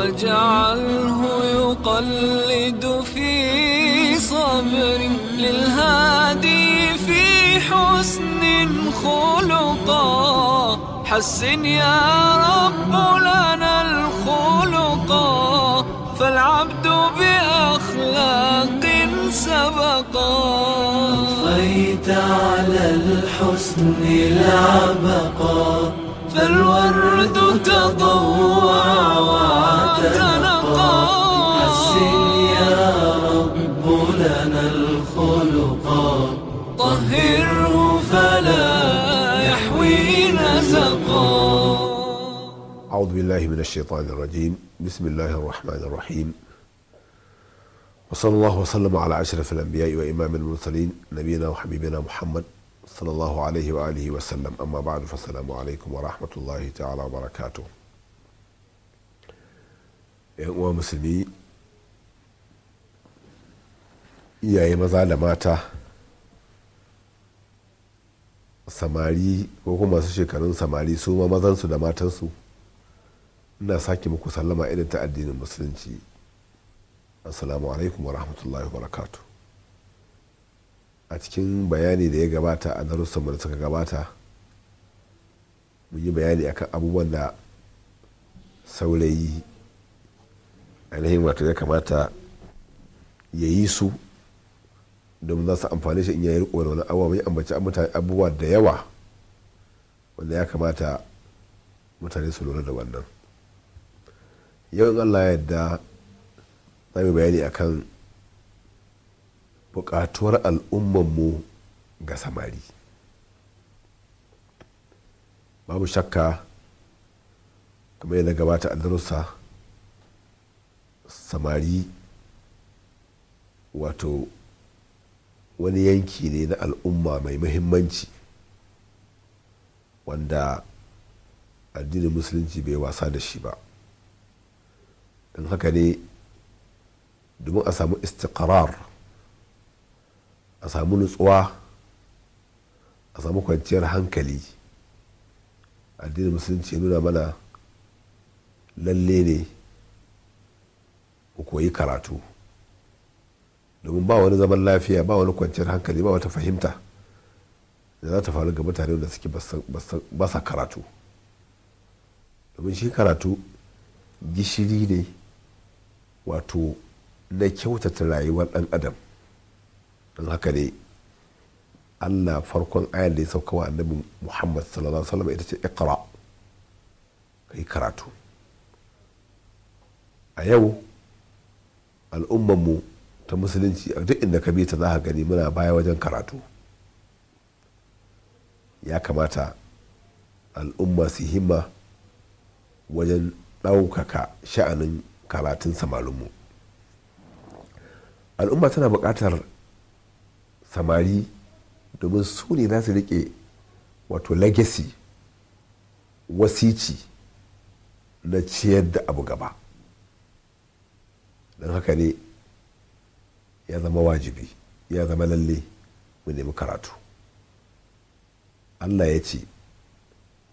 واجعله يقلد في صبر للهادي في حسن خلقا حسن يا رب لنا الخلقا فالعبد بأخلاق سبقا أضفيت على الحسن العبقا فالورد تضوع تنقى حسن يا رب لنا الخلقا طهره فلا يحوي نزقا أعوذ بالله من الشيطان الرجيم بسم الله الرحمن الرحيم وصلى الله وسلم على أشرف الأنبياء وإمام المرسلين نبينا وحبيبنا محمد صلى الله عليه وآله وسلم أما بعد فالسلام عليكم ورحمة الله تعالى وبركاته yan uwa musulmi iyaye maza da mata samari ko kuma masu shekarun samari su ma mazansu da matansu ina sake muku sallama irin ta addinin musulunci assalamu alaikum wa rahmatullahi wa barakatu a cikin bayani da ya gabata a darussanmu da suka gabata mun yi bayani akan abubuwan da saurayi ainihin wato ya kamata ya yi su domin za su amfani shi in yayi riko da wani abubuwa ya ambaci abubuwa da yawa wanda ya kamata mutane su lura da wannan yau in allah yadda za mu bayani akan bukatuwar al'ummanmu ga samari babu shakka kamar yadda gabata a darussa samari wato wani yanki ne na al'umma mai muhimmanci wanda addinin musulunci bai wasa da shi ba in haka ne domin a samu istiqarar a samu nutsuwa a samu kwanciyar hankali addinin musulunci nuna mana lalle ne ku koyi karatu domin ba wani zaman lafiya ba wani kwanciyar hankali ba wata fahimta da za ta faru ga mutane da suke basa karatu domin shi karatu gishiri ne wato na kyautata rayuwar ɗan adam don haka ne allah farkon ayan da ya sauka wa annabi muhammad sallallahu alaihi wasallam ita ce ikra ka yi karatu a yau al'ummanmu ta musulunci a duk inda ka ta za ka gani muna baya wajen karatu ya kamata al'umma su himma wajen ɗaukaka sha'anin karatun samarinmu al'umma tana buƙatar samari domin su ne za su riƙe wato legacy wasici na ciyar da abu gaba don haka ne ya zama wajibi ya zama lalle mu nemi karatu allah ya ce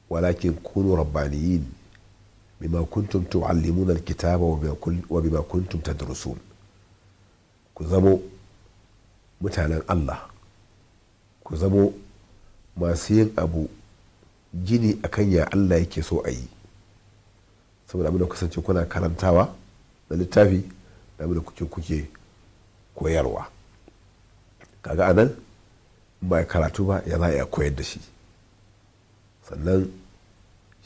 walakin kunu rabbaniyin bima kuntum tu'allimuna alkitaba wa bima kuntum tadrusun ku zamo mutanen allah ku zamo masu yin abu gini akan ya allah yake so a yi saboda abin da kasance kuna karantawa da littafi da da kuke kuke koyarwa kaga anan ba karatu ba ya za a koyar da shi sannan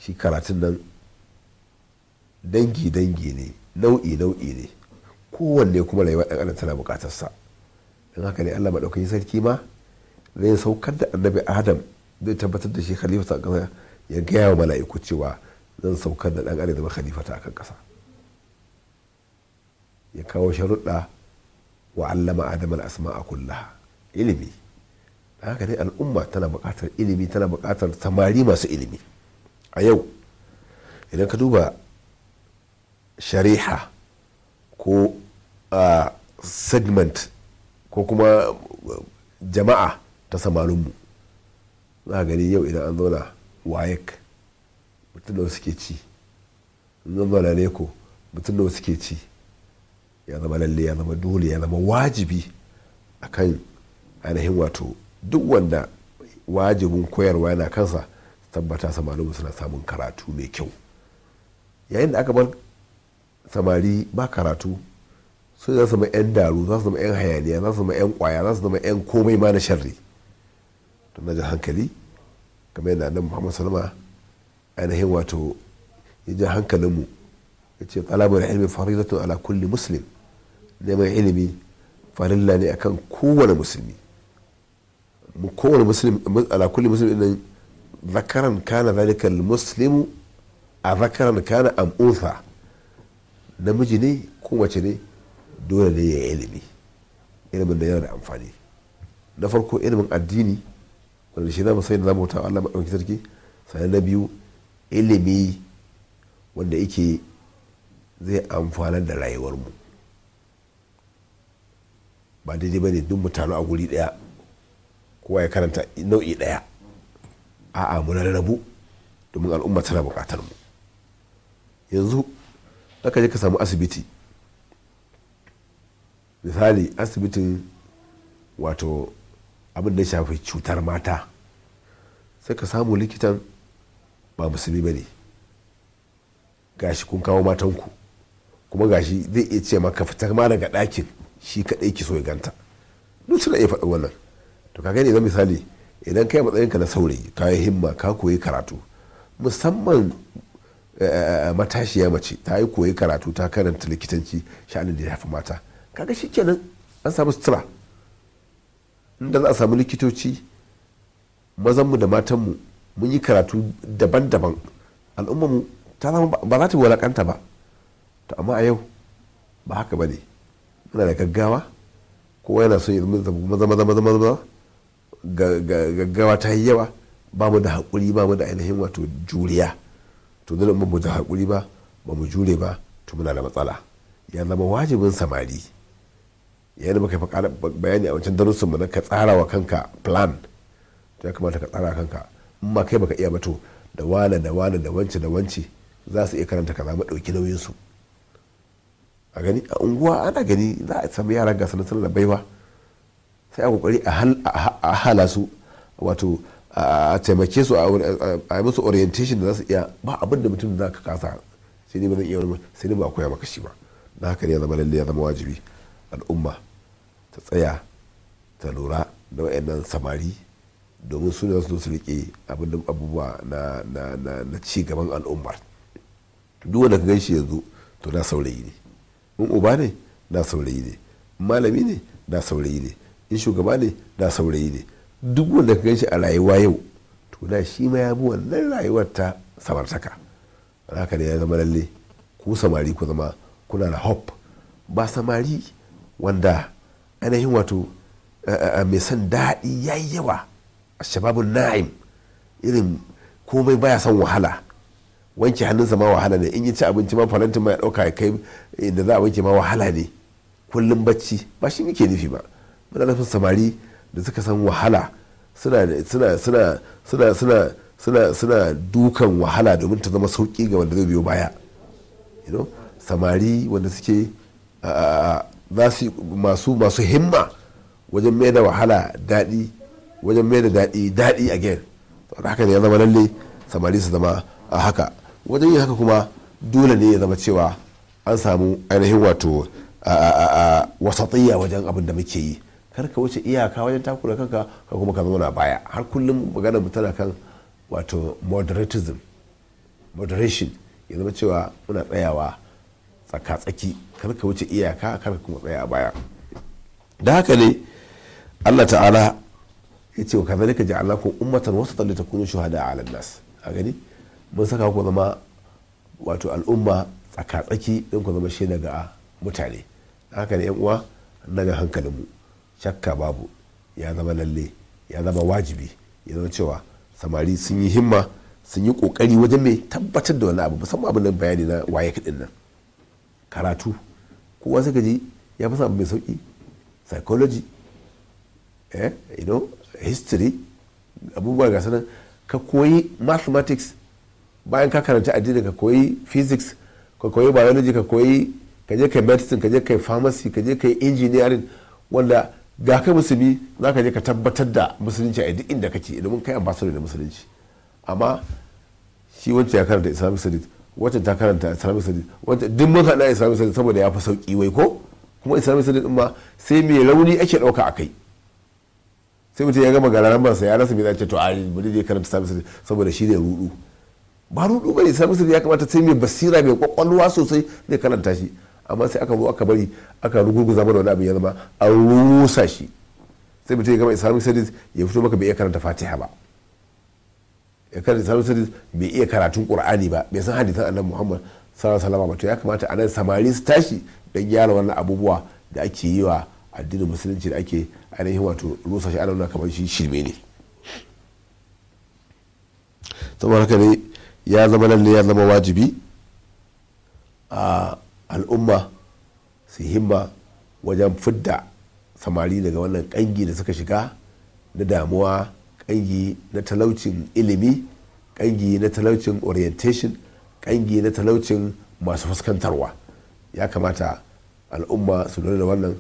shi karatun nan dangi-dangi ne nau'i-nau'i ne kowanne kuma rayuwar ɗan adam tana bukatarsa don haka ne allah maɗaukakin sarki ma zai saukar da annabi adam zai tabbatar da shi khalifa ya gaya wa mala'iku cewa zan saukar da ɗan adam zama khalifata kan ƙasa ya kawo sharuɗa wa allama adam a kullaha ilimi da haka dai al'umma tana buƙatar ilimi tana buƙatar samari masu ilimi a yau idan ka duba shari'a ko segment ko kuma jama'a ta samarinmu za a gani yau idan an zauna wayek mutum da ke ci zan zauna ne mutum da ke ci ya zama lalle ya zama dole ya zama wajibi akan ainihin wato duk wanda wajibin koyarwa yana kansa tabbata samarin suna samun karatu mai kyau yayin da aka bar samari ba karatu su za zama 'yan daru za su zama 'yan hayaniya za su zama 'yan kwaya za su zama 'yan komai ma na sharri don na hankali kamar yadda nan muhammad salama ainihin wato ya ji hankalinmu yace ce talabar ilmi faridatu ala kulli muslim neman ilimi farilla ne akan kowane musulmi kowane muslim ala kulli muslim din zakaran kana zalika muslimu a zakaran kana am unsa namiji ne ko mace ne dole ne ya yi ilimi ilimin da yana da amfani na farko ilimin addini wanda shi zamu sai da zamu tawa Allah madaukakin sarki sai na biyu ilimi wanda yake zai amfana da rayuwarmu ba daidai ba ne duk mu taru a guri daya kowa ya karanta nau'i daya a'a mu rabu domin al'umma tana bukatar mu yanzu aka je ka samu asibiti misali asibitin wato abin da shafi cutar mata sai ka samu likitan ba musulmi ba ne gashi kun kawo matanku kuma gashi zai iya ce maka fita ma daga dakin shi kaɗai ki so ya ganta duk suna iya faɗin wannan to kaga ne zan misali idan kai matsayinka na saurayi ka yi himma ka koyi karatu musamman eh, eh, eh, matashiya mace ta yi koyi karatu ta karanta likitanci sha'anin da ya fi mata kaga shi kenan an samu sutura inda za a samu likitoci mazanmu da matanmu mun yi karatu daban-daban mu ta zama ba za ta walakanta ba to amma a yau ba haka ba ne muna da gaggawa kowa yana son maza maza maza maza gaggawa ta yi yawa ba mu da haƙuri ba mu da ainihin wato juriya to dole ba mu da haƙuri ba ba mu jure ba to muna da matsala ya zama wajibin samari yayin da muka yi bayani a wancan darussan mu na ka tsara wa kanka plan to ya kamata ka tsara kanka in ma kai baka iya ba to da wane da wane da wance da wance za su iya karanta kaza mu ɗauki nauyinsu su a gani a unguwa ana gani za a sami yaran ga sanar da baiwa sai a kokari a hala su wato a taimake su a yi musu orientation da za su iya ba abin da mutum za ka kasa sai ne ba zan iya wani sai ne ba koya maka shi ba na haka ne ya zama lalle ya zama wajibi al'umma ta tsaya ta lura da wayannan samari domin su ne su su rike abin da abubuwa na ci gaban al'ummar duk wanda ka gan shi yanzu to na saurayi ne in uba ne na saurayi ne malami ne na saurayi ne in shugaba ne na saurayi ne duk wanda ka ganshi a rayuwa yau to da shi ma ya bi wannan rayuwar ta samartaka haka ne ya zama lalle ku samari ku zama kuna da hop ba samari wanda ainihin wato mai son daɗi ya yawa a shababin na'im irin komai baya son wahala wanke hannunsa ma wahala ne in ya ci abinci ma farantin ma ya ɗauka ya kai inda za a wanke ma wahala ne kullum bacci ba shi muke nufi ba muna nufin samari da suka san wahala suna dukan wahala domin ta zama sauki ga wanda zai biyo baya samari wanda suke za su masu himma wajen mai da wahala daɗi wajen mai da daɗi daɗi again haka ne ya zama lalle samari su zama a haka wajen yin haka kuma dole ne ya zama cewa an samu ainihin wato wasatiyya wajen abin da muke yi kar ka wuce iyaka wajen takura kanka ka kuma ka zauna baya har kullum magana mu tana kan wato moderatism moderation ya zama cewa muna tsayawa tsaka-tsaki kar ka wuce iyaka kar kuma tsaya baya da haka ne allah ta'ala ya ce wa kazalika ja'alnakum ummatan wasatan litakunu shuhada 'ala nas a gani mun saka ku zama wato al'umma tsaka-tsaki don ku zama shi daga mutane haka ne yan uwa daga hankalinmu shakka babu ya zama lalle ya zama wajibi ya zama cewa samari sun yi himma sun yi kokari wajen mai tabbatar da wani abu musamman abin nan bayani na waye kaɗin nan karatu kowa suka ji ya fi abu mai sauki psychology eh you know history abubuwa ga sanan ka koyi mathematics bayan ka karanta addini ka koyi physics ka koyi biology ka koyi ka je kai medicine ka je kai pharmacy ka je kai engineering wanda ga kai musulmi za ka je ka tabbatar da musulunci a duk inda kake domin kai ambassador da musulunci amma shi wacce ya karanta islamic studies wacce ta karanta islamic studies wancan duk mun haɗa islamic studies saboda ya fi sauƙi wai ko kuma islamic studies din ma sai me rauni ake ɗauka a kai sai mutum ya gama gararan bansa ya rasa mai zai ce to a mu je karanta islamic studies saboda shi ne rudu ba duba ne islamic ya kamata sai mai basira mai kwakwalwa sosai zai karanta shi amma sai aka zo aka bari aka zama da wani abin ya zama a rusa shi sai mutum ya gama islamic studies ya fito maka bai iya karanta fatiha ba ya karanta islamic studies bai iya karatun qur'ani ba bai san hadisan annabi muhammad sallallahu alaihi wasallam ba to ya kamata anan samari su tashi dan gyara wannan abubuwa da ake yi wa addinin musulunci da ake ainihin wato rusa shi ana kamar shi shirme ne saboda haka ne ya zama lalle ya zama wajibi a al'umma su himma wajen fidda samari daga wannan kangi da suka shiga na damuwa kangi na talaucin ilimi kangi na talaucin orientation kangi na talaucin masu fuskantarwa ya kamata al'umma su lura da wannan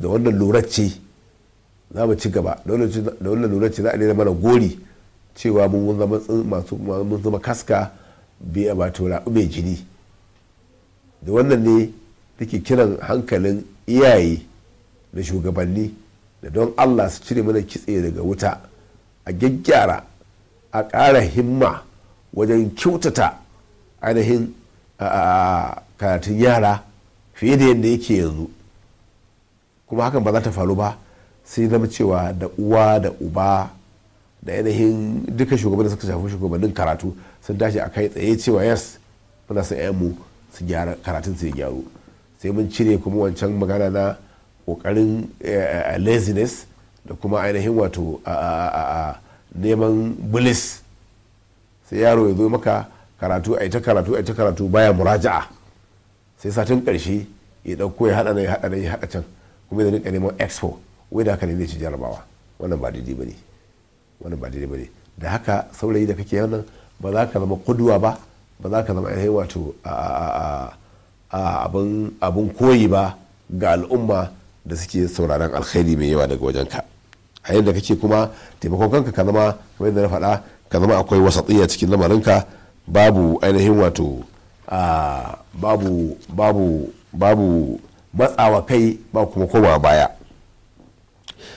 da wannan ce za mu ci gaba da wannan lura ce za a daina mana gori cewa mun zama masu mun zama kaska biya ba tura mai jini da wannan ne take kiran hankalin iyaye da shugabanni da don allah su cire mana kitse daga wuta a gyaggyara a ƙara himma wajen kyautata ainihin karatun yara fiye da yadda yake yanzu kuma hakan ba za ta faru ba sai zama cewa da uwa da uba da yanayin dukkan shugabannin suka shafi shugabannin karatu sun tashi a kai tsaye cewa yes muna son mu su gyara karatun su ya gyaru sai mun cire kuma wancan magana na kokarin eh, eh, laziness da kuma ainihin wato a neman bulis sai yaro ya zo maka karatu a ita karatu a ita karatu baya muraja'a sai satin karshe ya dauko ya hada na ya hada hada can kuma ya rinka neman expo wai da haka ne zai ci jarabawa wannan ba daidai ba ne wani ba daidai ba ne da haka saurayi da kake wannan ba za ka zama kuduwa ba ba za ka zama ainihin wato abin koyi ba ga al'umma da suke sauraron alkhairi mai yawa daga wajenka a yadda kake kuma taimakon kanka ka zama kamar yadda na faɗa ka zama akwai wasatsiya cikin lamarinka babu ainihin wato babu babu matsawa kai ba kuma koma baya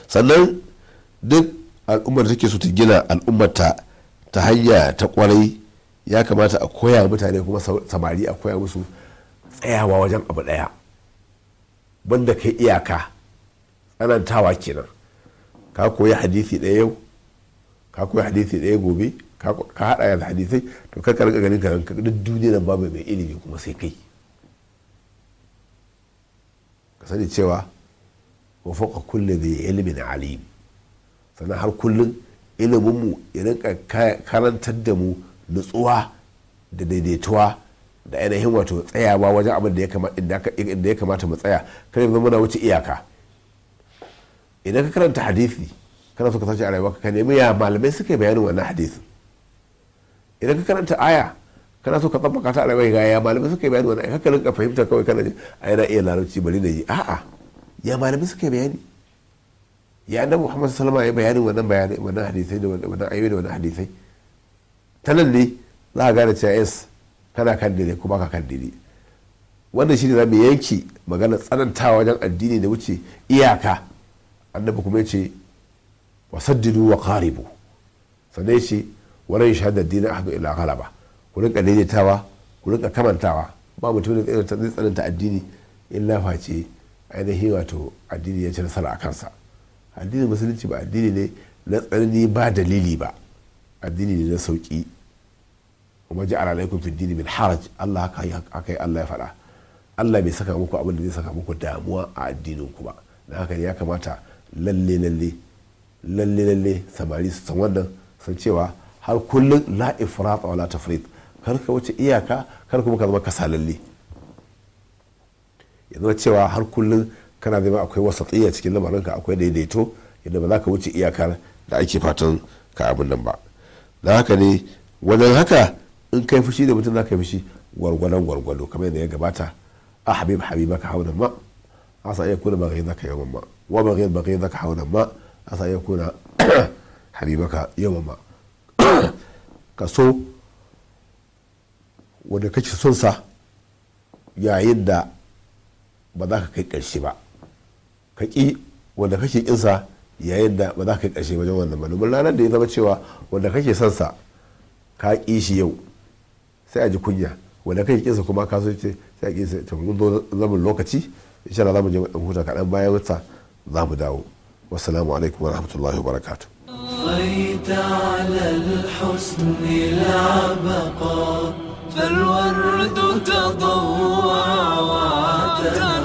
sannan duk al'ummar da take so ta gina al'ummar ta ta hanya ta kwarai ya kamata a koya mutane kuma samari a koya musu tsayawa wajen abu daya banda kai iyaka tsanantawa kenan ka koyi hadisi ɗaya yau ka koyi hadisi ɗaya gobe ka haɗa yanzu hadisai to ka karka ganin ka ranka duk duniyar babu mai ilimi kuma sai kai ka sani cewa wa faqa kulli dhi ilmin alim sannan har kullum iliminmu ya rinka karantar da mu nutsuwa da daidaituwa da ainihin wato tsayawa wajen abin da ya kamata mu tsaya kan ya zama na wuce iyaka idan ka karanta hadisi kana so ka sace a rayuwa ka nemi ya malamai suke bayanin wannan hadisin idan ka karanta aya kana so ka tsabbaka ta a rayuwa ga ya malamai suke bayanin wannan haka rinka fahimta kawai kana ji a yana iya larabci bari da yi a'a ya malamai suke bayani ya annabi muhammad sallama ya bayanin wannan bayanai wannan hadisai da wannan ayoyi da wannan hadisai ta nan ne za a gane cewa yes kana kan dire kuma ka kan wanda shi ne za mu yanki magana tsanantawa wajen addini da wuce iyaka annabi kuma ya ce wasaddidu wa qaribu sannan shi ce shahada dinin ahadu ila galaba ku rinka daidaitawa ku rinka kamantawa ba mutum da zai tsananta addini illa face ainihin wato addini ya ci nasara a kansa addinin musulunci ba addini ne na tsanani ba dalili ba addini ne na sauƙi kuma ji ala alaikum fi dini min haraj Allah haka yi Allah ya faɗa Allah bai saka muku abin da zai saka muku damuwa a addinin ku ba na haka ya kamata lalle lalle lalle lalle samari su san wannan san cewa har kullum la ifrata wala tafrit kar ka wuce iyaka kar kuma ka zama kasalalle yanzu cewa har kullum kana zama akwai wasatiyya cikin lamarinka akwai daidaito yadda ba za ka wuce iyakar da ake fatan ka abin nan ba da haka ne wajen haka in kai fushi da mutum za ka yi fushi gwargwadon gwargwado kamar yadda ya gabata a ah, habib ka hau ma sa iya kuna bagayi ka yawan ma wa bagayi bagayi ka hau ma sa iya kuna ka yawan ma ka so wanda kake son sa yayin da ba za ka kai ƙarshe ba ka ƙi wanda kake ƙinsa yayin da ba za ka ƙarshe wajen wannan ba domin da ya zama cewa wanda kake son sa ka ƙi shi yau sai a ji kunya wanda kake ƙinsa kuma ka so ce sai a ƙi sa tafi zo zaman lokaci insha Allah zamu je mu huta kaɗan bayan wata za mu dawo wassalamu alaikum wa rahmatullahi wa barakatu. صيت على الحسن العبقى فالورد تضوع وعتلى